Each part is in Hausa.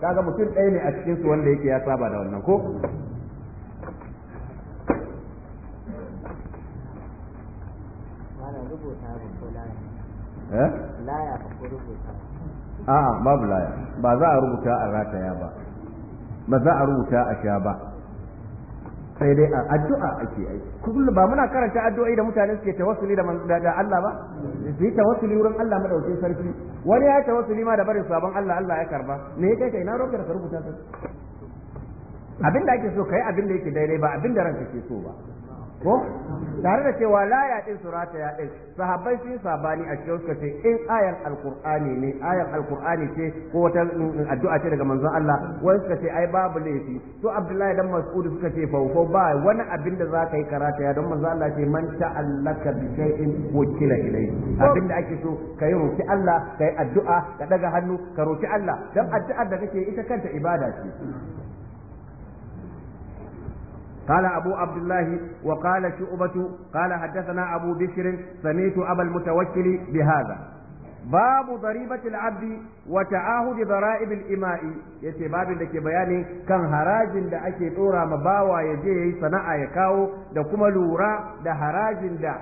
kaga mutum ɗaya ne a cikin su wanda yake ya saba da wannan ko eh? A'a babu laya ba za a rubuta a rataya ba ba za a rubuta a sha ba sai dai a addu'a ake yi kullum ba muna karanta addu'a da mutane suke tawassuli da da Allah ba su yi tawassuli wurin Allah madaukakin sarki wani ya tawassuli ma da barin sabon Allah Allah ya karba me yake kai na roƙar ka rubuta ta abin da ake so kai abin da yake daidai ba abin da ranka ke so ba ko tare da cewa la ya din surata ya din sahabbai sun sabani a cikin suka ce in ayan alqur'ani ne ayar alqur'ani ce ko wata addu'a ce daga manzon Allah wani suka ce ai babu laifi to Abdullahi dan Mas'ud suka ce fa ba wani abin da za ka yi karata ya don manzon Allah ce man ta'allaka bi shay'in wukila ilayhi abinda ake so ka yi roki Allah ka yi addu'a ka daga hannu ka roki Allah dan addu'ar da kake ita kanta ibada ce قال أبو عبد الله وقال شعبة قال حدثنا أبو بشر سمعت Babu المتوكل بهذا باب ضريبة العبد وتعاهد ضرائب الإماء yace babin da ke bayani kan harajin da ake dora ma bawa ya je yayi sana'a ya kawo da kuma lura da harajin da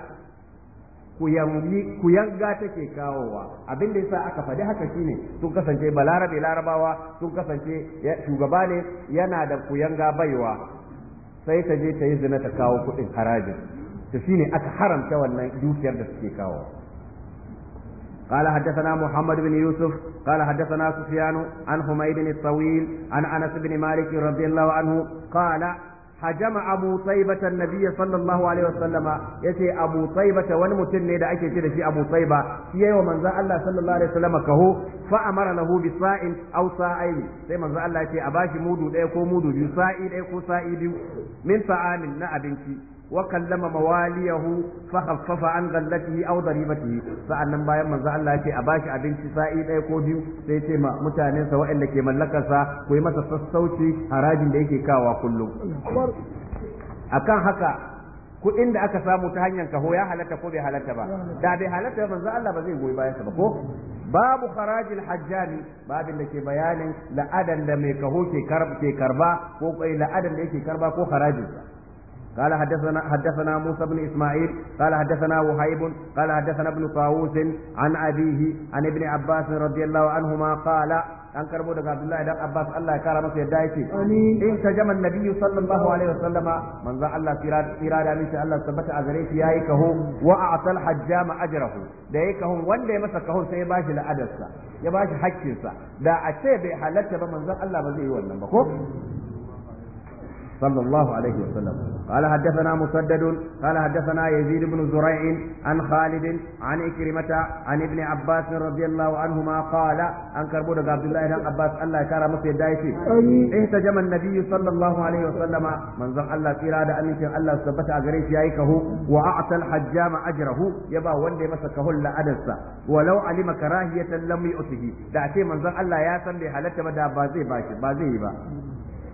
kuyanga take kawowa abin da yasa aka faɗi haka shine sun kasance balarabe larabawa sun kasance shugaba ne yana da kuyanga baiwa sai ta je ta yi zina ta kawo kuɗin harajin to shine aka haramta wannan dukiyar da suke kawo قال حدثنا محمد بن يوسف قال حدثنا سفيان عن حميد الطويل عن انس بن مالك رضي الله عنه قال hajama abu taibata nabiyya sallallahu alaihi wasallama yace abu taibata wani mutum ne da ake ce da shi abu taiba shi yayi wa manzon Allah sallallahu alaihi wasallama kaho fa amara lahu bi sa'in aw sa'aini sai manzon Allah yace a bashi mudu ɗaya ko mudu biyu sa'i ɗaya ko sa'i biyu min ta'amin na abinci وكلم مواليه فخفف عن غلته او ضريبته فان bayan manzo من yake a bashi abinci sa'i ɗaya ko biyu sai ce ma mutanen sa waɗanda ke mallakarsa ku yi masa sassauci harajin da yake kawa kullum akan haka kuɗin da aka samu ta hanyar kaho ya halatta ko bai halatta ba da bai halatta manzo Allah ba zai goyi bayansa ba ko babu kharajil hajjani babin da ke bayanin la'adan da mai kaho ke karba ko kai la'adan da yake karba ko harajinsa قال حدثنا حدثنا موسى بن اسماعيل قال حدثنا وهيب قال حدثنا ابن طاووس عن ابيه عن ابن عباس رضي الله عنهما قال an karbo daga Abdullahi dan Abbas Allah ya kara masa yadda yake in ka jaman nabiyyu sallallahu alaihi wasallama manzo Allah tira da mishi Allah tabbata a gare shi yayi kaho wa a'tal hajjama ajrahu da yayi kahon wanda ya masa kahon sai ya bashi la'adarsa ya bashi hakkinsa da a ce bai halatta ba manzo Allah ba zai yi wannan ba ko صلى الله عليه وسلم قال حدثنا مسدد قال حدثنا يزيد بن زريع عن خالد عن إكرمة عن ابن عباس رضي الله عنهما قال عن كربون عبد الله بن عباس الله كرم سيدايتي اهتجم النبي صلى الله عليه وسلم من زم الله في رادة أن الله ثبت أغريش يايكه وأعطى الحجام أجره يبا وندي مسكه لأدسه ولو علم كراهية لم يؤته دعتي من زم الله يا سن بحالته بدا بازي باشي بازي با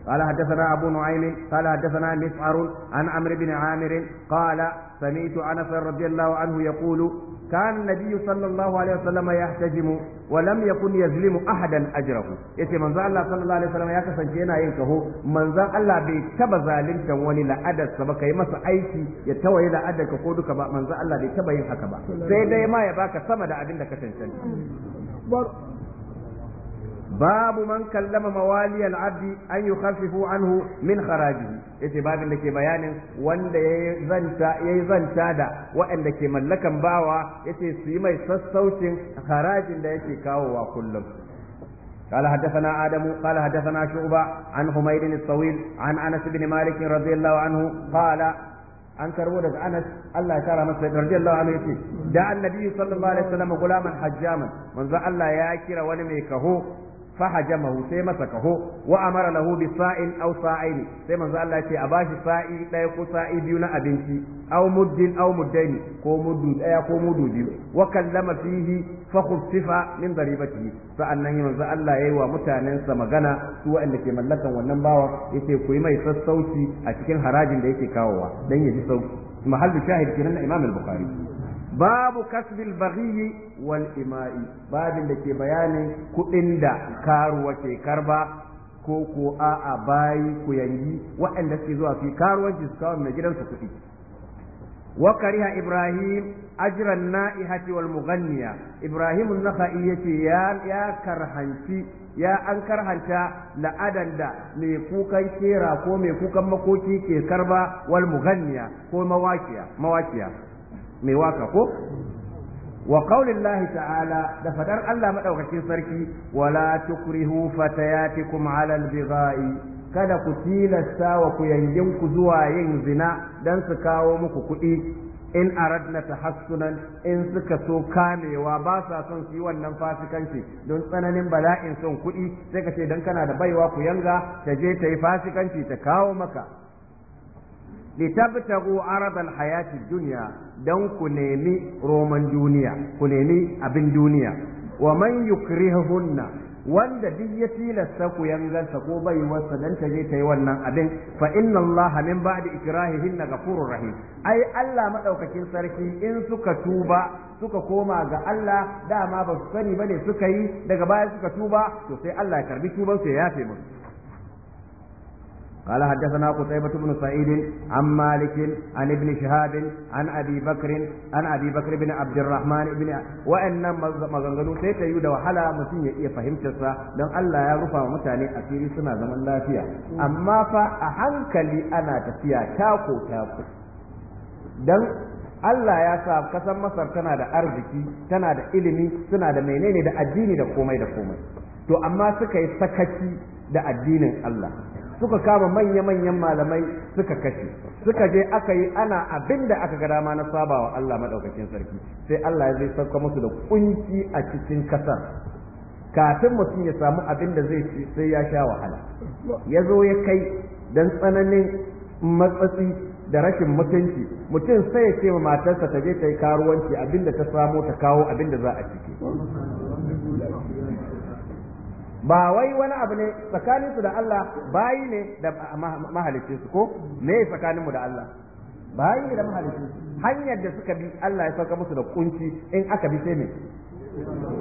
قال حدثنا أبو نعيم قال حدثنا مسعر عن عمرو بن عامر قال سمعت أنس رضي الله عنه يقول كان النبي صلى الله عليه وسلم يحتجم ولم يكن يظلم أحدا أجره يتي من الله صلى الله عليه وسلم يكسن جينا ينكهو من ذا الله بيتبا ظالم تنواني لأدد سبك يمس أيكي يتوى إلى أدد كقودك من ذا الله بيتبا ينحكبا سيدا ما يباك سمد أبنك تنشن babu man kallama mawali abdi an yukhaffifu anhu min kharajihi yace babin da ke bayanin wanda yayi zanta da waɗanda ke mallakan bawa yace su yi mai sassaucin harajin da yake kawowa kullum قال حدثنا آدم قال حدثنا شعبة عن حميد الطويل عن أنس بن مالك رضي الله عنه قال عن كرودة أنس الله يكرم مسجد رضي الله عنه يتي دعا النبي صلى الله عليه وسلم غلاما حجاما من ذا الله ياكر ولم يكهو fahajamahu sai masa kaho wa'a mara lahubi bi sa'in aw sa'aini sai manzo Allah ce a bashi sa'i ɗaya ko sa'i biyu na abinci aw muddin aw muddaini ko muddu ɗaya ko muddu biyu wa kallama fihi fa khuffifa min daribatihi sa'annan manzo Allah ya yi wa mutanensa magana su waɗanda ke mallakan wannan bawa yace ku yi mai sassauci a cikin harajin da yake kawowa dan ya ji sauki mahallu shahid kenan na Imam al babu kasbil baghi wal ima'i babin da ke bayanin kuɗin da karuwa ke karba ko ko a'a bayi ku yangi waɗanda suke zuwa fi karuwanci su kawo mai gidansu kuɗi wa kariha ibrahim ajran na'ihati wal mughanniya ibrahim an-nakhai yace ya ya karhanci ya an karhanta la'adan da mai kukan kera ko mai kukan makoki ke karba wal mughanniya ko mawakiya mawakiya mai waka ko wa ta'ala da fadar Allah madaukakin sarki wala tukrihu fatayatikum 'ala albigai kada ku tilasta wa ku yangin ku zuwa yin zina dan su kawo muku kuɗi in aradna tahassunan in suka so kamewa ba sa son su yi wannan fasikanci don tsananin bala'in son kuɗi sai ka ce dan kana da baiwa ku yanga ta je ta yi fasikanci ta kawo maka litabtagu aradal hayati dunya dan ku nemi roman duniya ku nemi abin duniya wa man yukrihunna wanda duk ya tilasta ku ta ko bai wasa dan ta je ta yi wannan abin fa inna Allah min ba'di ikrahihinna ghafurur rahim ai Allah madaukakin sarki in suka tuba suka koma ga Allah dama ba su sani bane suka yi daga baya suka tuba to sai Allah ya karbi tuban su ya yafe musu قال حدثنا قتيبة بن سعيد عن مالك عن ابن شهاب عن أبي بكر عن أبي بكر بن عبد الرحمن بن وإن مغنغنو سيتا يودا وحلا مسين يئي فهم تسا لأن الله يرفع متاني أسيري سنة زمن لا فيها أما فأحنك لي أنا تفيا تاكو تاكو dan Allah ya sa kasan Masar tana da arziki tana da ilimi tana da menene da addini da komai da komai to amma suka yi sakaki da addinin Allah suka kama manya-manyan malamai suka kashe suka je aka yi ana abin da aka ga dama na sabawa Allah madaukakin sarki sai Allah ya zai sauka musu da kunci a cikin kasar kafin mutum ya samu abin da zai ci sai ya sha wahala ya zo ya kai dan tsananin matsatsi da rashin mutunci mutum sai ya ce ma matarsa ta je ta yi karuwanci abin da ta samo ta kawo abin da za a ciki ba wai wani abu ne tsakaninsu da Allah bayi ne da mahalicin ko me tsakanin mu da Allah bayi ne da mahalicin hanyar da suka bi Allah ya sauka musu da kunci in aka bi sai me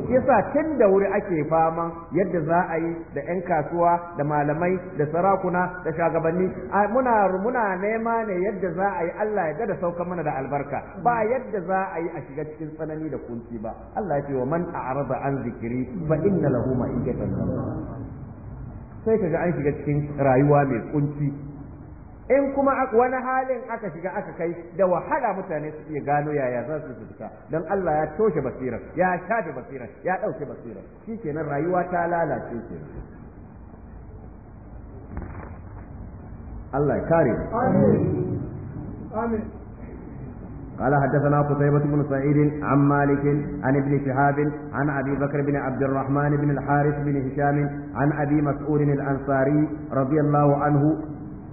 yasa tun da wuri ake fama yadda za a yi da 'yan kasuwa da malamai da sarakuna da shagabanni muna muna nema ne yadda za a yi Allah ya gada sauka mana da albarka ba yadda za a yi a shiga cikin tsanani da kunci ba Allah ya ce wa man a'rada an zikiri fa inna lahu ma'ikatan sai kaga an shiga cikin rayuwa mai kunci in kuma wani halin aka shiga aka kai da wahala mutane su iya gano yaya za su fita don Allah ya toshe basirar ya shafe basirar ya ɗauke basirar shi kenan rayuwa ta lalace kenan Allah ya kare amin amin قال حدثنا قتيبة بن سعيد عن مالك عن ابن شهاب عن أبي بكر بن عبد الرحمن بن الحارث بن هشام عن أبي مسعود الأنصاري رضي الله عنه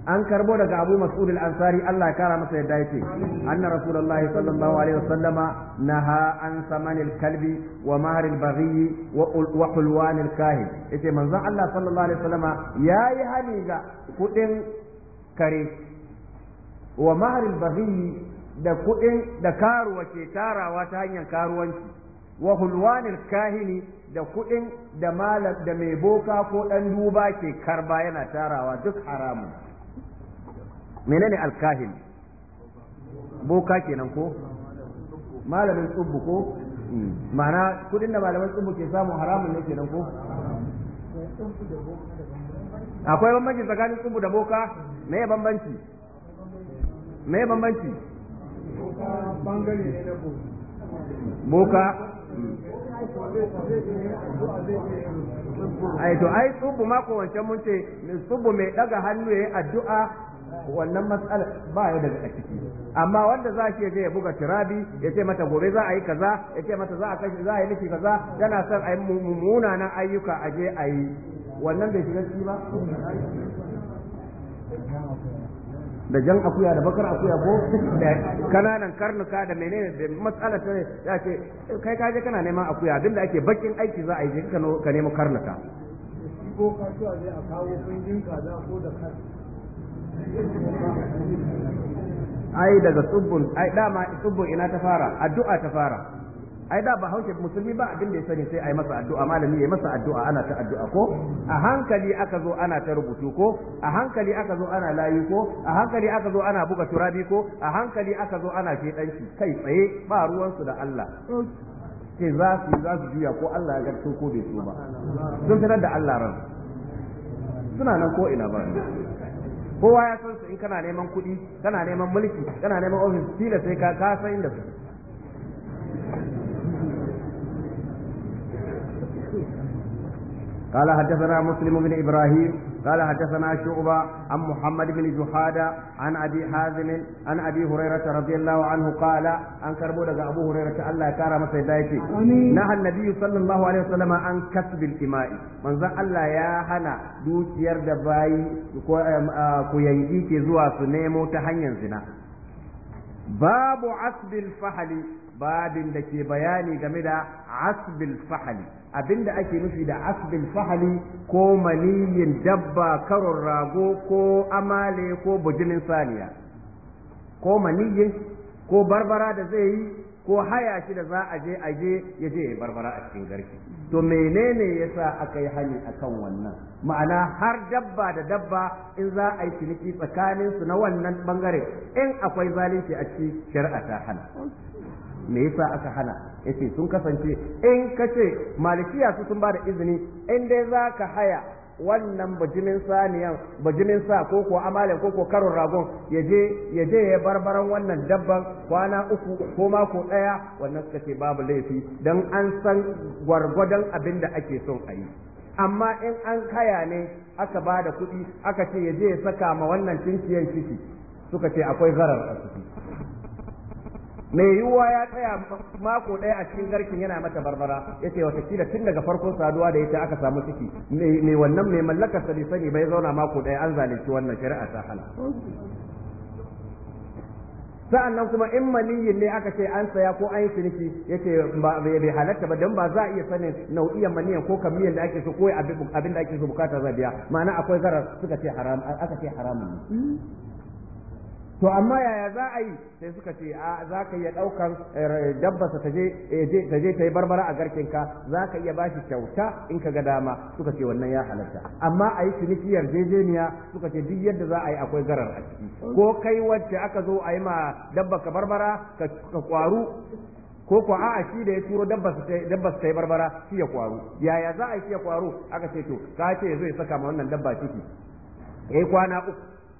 an karbo daga Abu Mas'ud al-Ansari Allah ya kara masa yadda yake anna Rasulullah sallallahu alaihi wasallama naha an saman al-kalbi wa mahr al-baghi wa hulwan al-kahin yace manzon Allah sallallahu alaihi wasallama yayi hali ga kudin kare wa mahr al-baghi da kudin da karuwa ke tarawa ta hanyar karuwanci wa hulwan al-kahini da kudin da malam da mai boka ko dan duba ke karba yana tarawa duk haramun menene alkahin boka kenan ko malamin tsubbu ko hmm. ma'ana kudin da malamin tsubbu ke samu haramun ne kenan ko akwai bambanci tsakanin tsubbu da boka me bambanci me bambanci boka ai to ai tsubu mako wancan mun ce tsubbu mai daga hannu yayin addu'a wannan matsala ba ya daga a ciki amma wanda za shi je ya buga tirabi ya ce mata gobe za a yi kaza ya ce mata za a kashi za a yi miki kaza yana son a yi munanan ayyuka a je a yi wannan bai shiga ciki ba da jan akuya da bakar akuya ko da kananan karnuka da menene da matsala ta ya ce kai ka je kana neman akuya da ake bakin aiki za a yi ka nemo karnuka ko ka zai a kawo kundin kaza ko da karnuka ai daga tsubbun ai dama tsubbun ina ta fara addu'a ta fara ai da ba haushe musulmi ba abin da ya sani sai ai masa addu'a malami ya masa addu'a ana ta addu'a ko a hankali aka zo ana ta rubutu ko a hankali aka zo ana layu ko a hankali aka zo ana buga turabi ko a hankali aka zo ana ke shedanci kai tsaye ba ruwansu da Allah ke za su za su juya ko Allah ya garto ko bai so ba sun tarar da Allah ran suna nan ko ina ba kowa ya san su in kana neman kuɗi kana neman mulki kana neman ofis tilas sai ka ka san inda suke قال حدثنا مسلم بن ibrahim. قال حدثنا شعبة عن محمد بن جحادة عن أبي حازم عن أبي هريرة رضي الله عنه قال عن كربو لغا أبو هريرة الله كرم سيدايتي نهى النبي صلى الله عليه وسلم عن كسب الإماء من ذا الله يا هنا دوت يرد باي كوينجيكي زوا سنيمو تهنين زنا باب عصب الفحل babin da ke bayani game da asbil fahali abinda ake nufi da asbil fahali ko maniyin dabba karon rago ko amale ko bujinin saniya ko maniyin ko barbara da zai yi ko haya shi da za a je a je ya je barbara a cikin garki to menene yasa aka yi hali akan wannan ma'ana har dabba da dabba in za a yi ciniki tsakanin su na wannan bangare in akwai zalunci a ciki shari'a ta hana me yasa aka hana yace sun kasance in kace malikiya su sun bada izini in dai za ka haya wannan bajimin saniyan bajimin sa ko ko amale ko ko karon ragon ya je ya barbaran wannan dabban kwana uku ko mako daya wannan suka ce babu laifi dan an san gwargwadon abin da ake son a yi amma in an kaya ne aka ba da kuɗi aka ce yaje ya saka ma wannan tinkiyan ciki suka ce akwai zarar a ciki mai yiwuwa ya tsaya mako ɗaya a cikin garkin yana mata barbara ya ce watakila tun daga farkon saduwa da ita aka samu ciki mai wannan mai mallakar sani sani bai zauna mako ɗaya an zalunci wannan shari'a ta hana sa'an nan kuma in maniyin ne aka ce an saya ko an yi ciniki ce bai halatta ba don ba za a iya sanin nau'iyan maniyan ko kamiyyar da ake so ko abin da ake so bukata zabiya ma'ana akwai zarar suka aka ce haramun ne to amma yaya za a yi sai suka ce a za ka iya ɗaukar eh, dabbasa eh, ta je ta yi barbara a garkinka za ka iya bashi kyauta in ka ga dama suka ce wannan ya halatta amma a yi ciniki yarjejeniya suka ce duk yadda za a yi akwai garar a ciki ko kai wacce aka zo a yi ma dabba ka barbara ka kwaru ko ko a'a shi da ya turo dabba su ta yi barbara shi ya kwaru yaya za a yi shi ya kwaru aka ce to ka ce zai saka ma wannan dabba ciki yayi kwana uku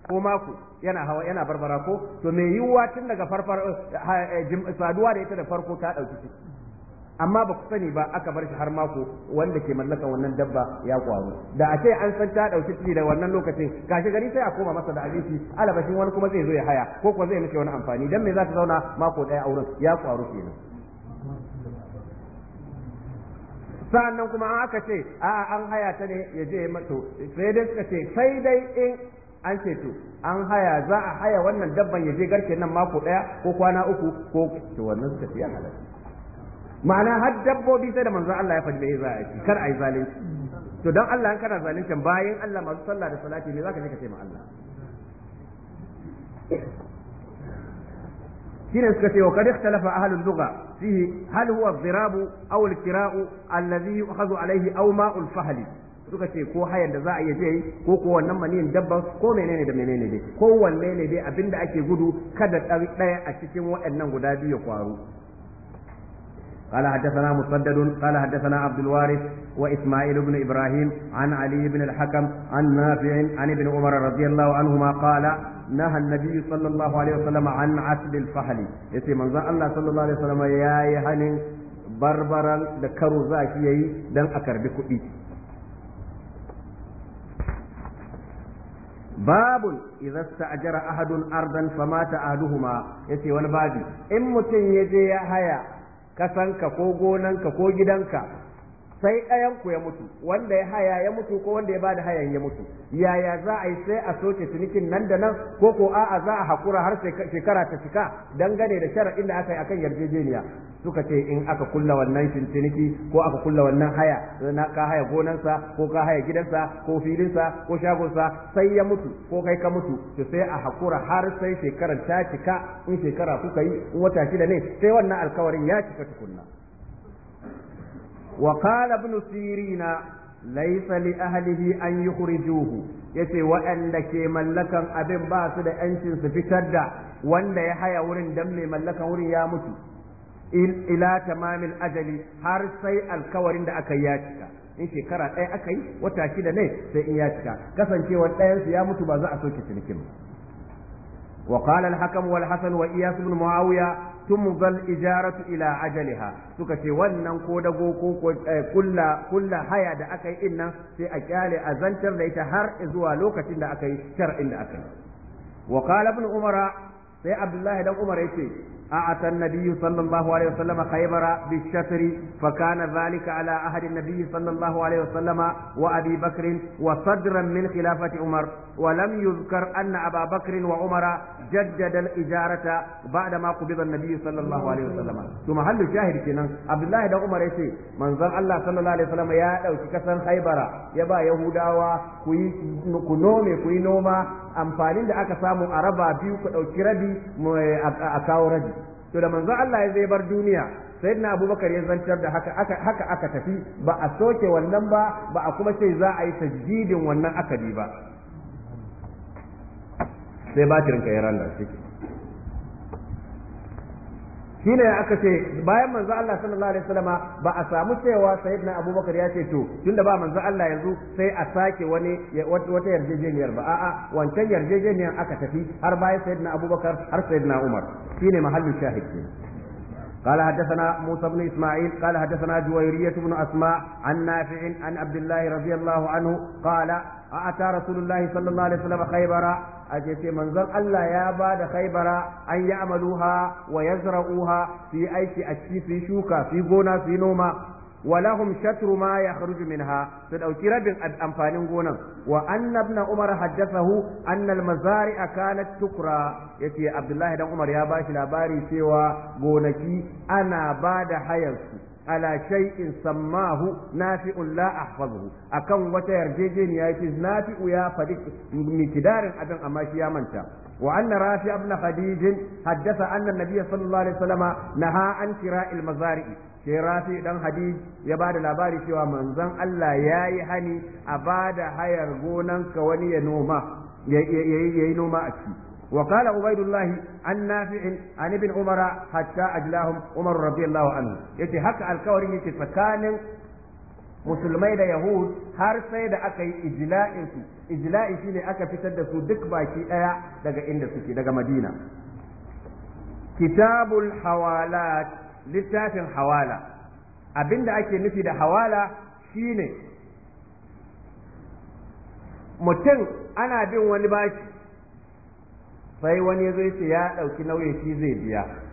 ko mako yana hawa yana barbara ko to me yiwuwa tun daga farfar eh, eh, saduwa da ita da farko ta dauki ciki amma ba ku sani ba aka bar shi har mako wanda ke mallaka wannan dabba ya kwaro da a ce an san ta dauki ciki da wannan lokacin gashi gari sai a koma masa da abinci alabashin wani kuma zai zo ya haya ko kuwa zai mishi wani amfani dan me za ta zauna mako ɗaya a wurin ya kwaro kenan Sannan kuma an aka ce a an haya ta ne ya je mato sai dai suka ce sai dai in an ce to an haya za a haya wannan dabban ya je garke nan mako daya ko kwana uku ko to wannan suka ce ya ma'ana har dabbobi sai da manzo Allah ya faɗi me za a yi kar a yi zalunci to dan Allah an kana zalunci bayan Allah masu sallah da salati ne zaka je ka ce ma Allah shine suka ce wa kad ikhtalafa ahlul lugha fihi hal huwa adh-dhirab aw al-kira'u alladhi yu'khadhu alayhi aw ma'ul fahli suka ce ko hayar da za a iya je yi ko ko wannan maniyin dabban ko menene da menene dai ko wanne ne dai abinda ake gudu kada ɗaya a cikin waɗannan guda biyu ya kwaru قال حدثنا مسدد قال حدثنا عبد الوارث وإسماعيل بن إبراهيم عن علي بن الحكم عن نافع عن ابن عمر رضي الله عنهما قال نهى النبي صلى الله عليه وسلم عن عسل الفحل يتي من الله صلى الله عليه وسلم يا يهن بربرا ذكروا ذاك يي دن أكر بكئي babun a sta'jara ahadun ardan famata ahaduhuma yace wani babu. in mutum ya je ya haya kasanka ko gonanka ko gidanka sai ɗayan ku ya mutu wanda ya haya ya mutu ko wanda ya bada hayan ya mutu yaya za a yi sai a soke tunikin nan da nan ko ko a'a za a hakura har shekara ta cika dangane da sharaɗin da aka yi akan yarjejeniya suka ce in aka kulla wannan tuniki ko aka kulla wannan haya na ka haya gonansa ko ka haya gidansa ko filinsa ko shagonsa sai ya mutu ko kai ka mutu to sai a hakura har sai shekarar ta cika in shekara kuka yi in wata shida ne sai wannan alkawarin ya cika tukunna وقال ابن سيرين ليس لأهله أن يخرجوه yace waɗanda ke mallakan abin ba su da 'yancinsu fitar da wanda ya haya wurin dan mai mallakan wurin ya mutu ila tamamin ajali har sai alkawarin da aka ya cika in shekara ɗaya aka yi wata shida ne sai in ya cika kasancewar ɗayansu ya mutu ba za a soke cinikin wa qala al-hakam hasan wa iyas ibn tumugal ijaratu ila ajaliha suka ce wannan ko dago ko eh, kulla kulla haya da aka yi nan sai a kyale a zantar da ita har zuwa lokacin da aka yi shar'in da aka yi wa qala ibn umara sai abdullahi dan umara yace a atan nabiyyu sallallahu alaihi wasallam khaybara bi shatri fa kana dhalika ala ahadi nabiyyi sallallahu alaihi wasallam wa abi bakr wa sadran min khilafati umar wa lam yuzkar anna aba bakr wa umara jaddada al-ijarata ba'da ma qubida an-nabi sallallahu alaihi wasallam to mahallu shahid kenan abdullahi da umar ya ce, manzon Allah sallallahu alaihi wasallam ya ɗauki kasan haibara ya ba yahudawa ku ku nome ku yi noma amfanin da aka samu a raba biyu ku ɗauki rabi a kawo rabi to da manzon Allah ya zai bar duniya sayyidina abubakar ya zantar da haka aka tafi ba a soke wannan ba ba a kuma ce za a yi tajdidin wannan akadi ba sai batirin ka ya shi shine aka ce bayan manzo Allah sallallahu alaihi wasallama ba a samu cewa sayyidina Abubakar ya ce to tunda ba manzo Allah yanzu sai a sake wani wata yarjejeniyar ba a'a wancan yarjejeniyar aka tafi har bayan sayyidina Abubakar har sayyidina Umar shine mahallin shahid قال حدثنا موسى بن اسماعيل قال حدثنا جويرية بن اسماء عن نافع عن عبد الله رضي الله عنه قال a ata rasulullahi sallallahu alaihi wasallam khaybara a ce manzon Allah ya ba da khaybara an yi amaluha wa yazra'uha fi aiki a ciki su shuka suyi gona suyi noma ولهم شطر ما يخرج منها تدعوكي رب أنفانين قونا وأن ابن عمر حدثه أن المزارع كانت تكرى يتي عبد الله بن عمر يا باشي لاباري سوى قونكي أنا بعد حيث ala shay'in sammahu nafi'un la ahfazuhu akan wata yarjejeniya yace nafi'u ya fadi mikidarin abin amma shi ya manta وأن rafi بن خديج حدث أن النبي صلى الله عليه وسلم نهى عن شراء sai rafi dan hadij ya ba da labari cewa manzon Allah ya yi hani a bada da hayar gonanka wani ya yi noma a ciki وقال عبيد الله عن نافع عن ابن عمر حتى أجلاهم عمر رضي الله عنه يتي هكا الكوري يتي فكان musulmai da yahud har sai da aka yi ijla'insu ijla'i shine aka fitar da su duk baki ɗaya daga inda suke daga madina kitabul hawalat littafin hawala abinda ake nufi da hawala shine mutum ana bin wani bashi sai wani ya zo ya ce ya ɗauki nauyin shi zai biya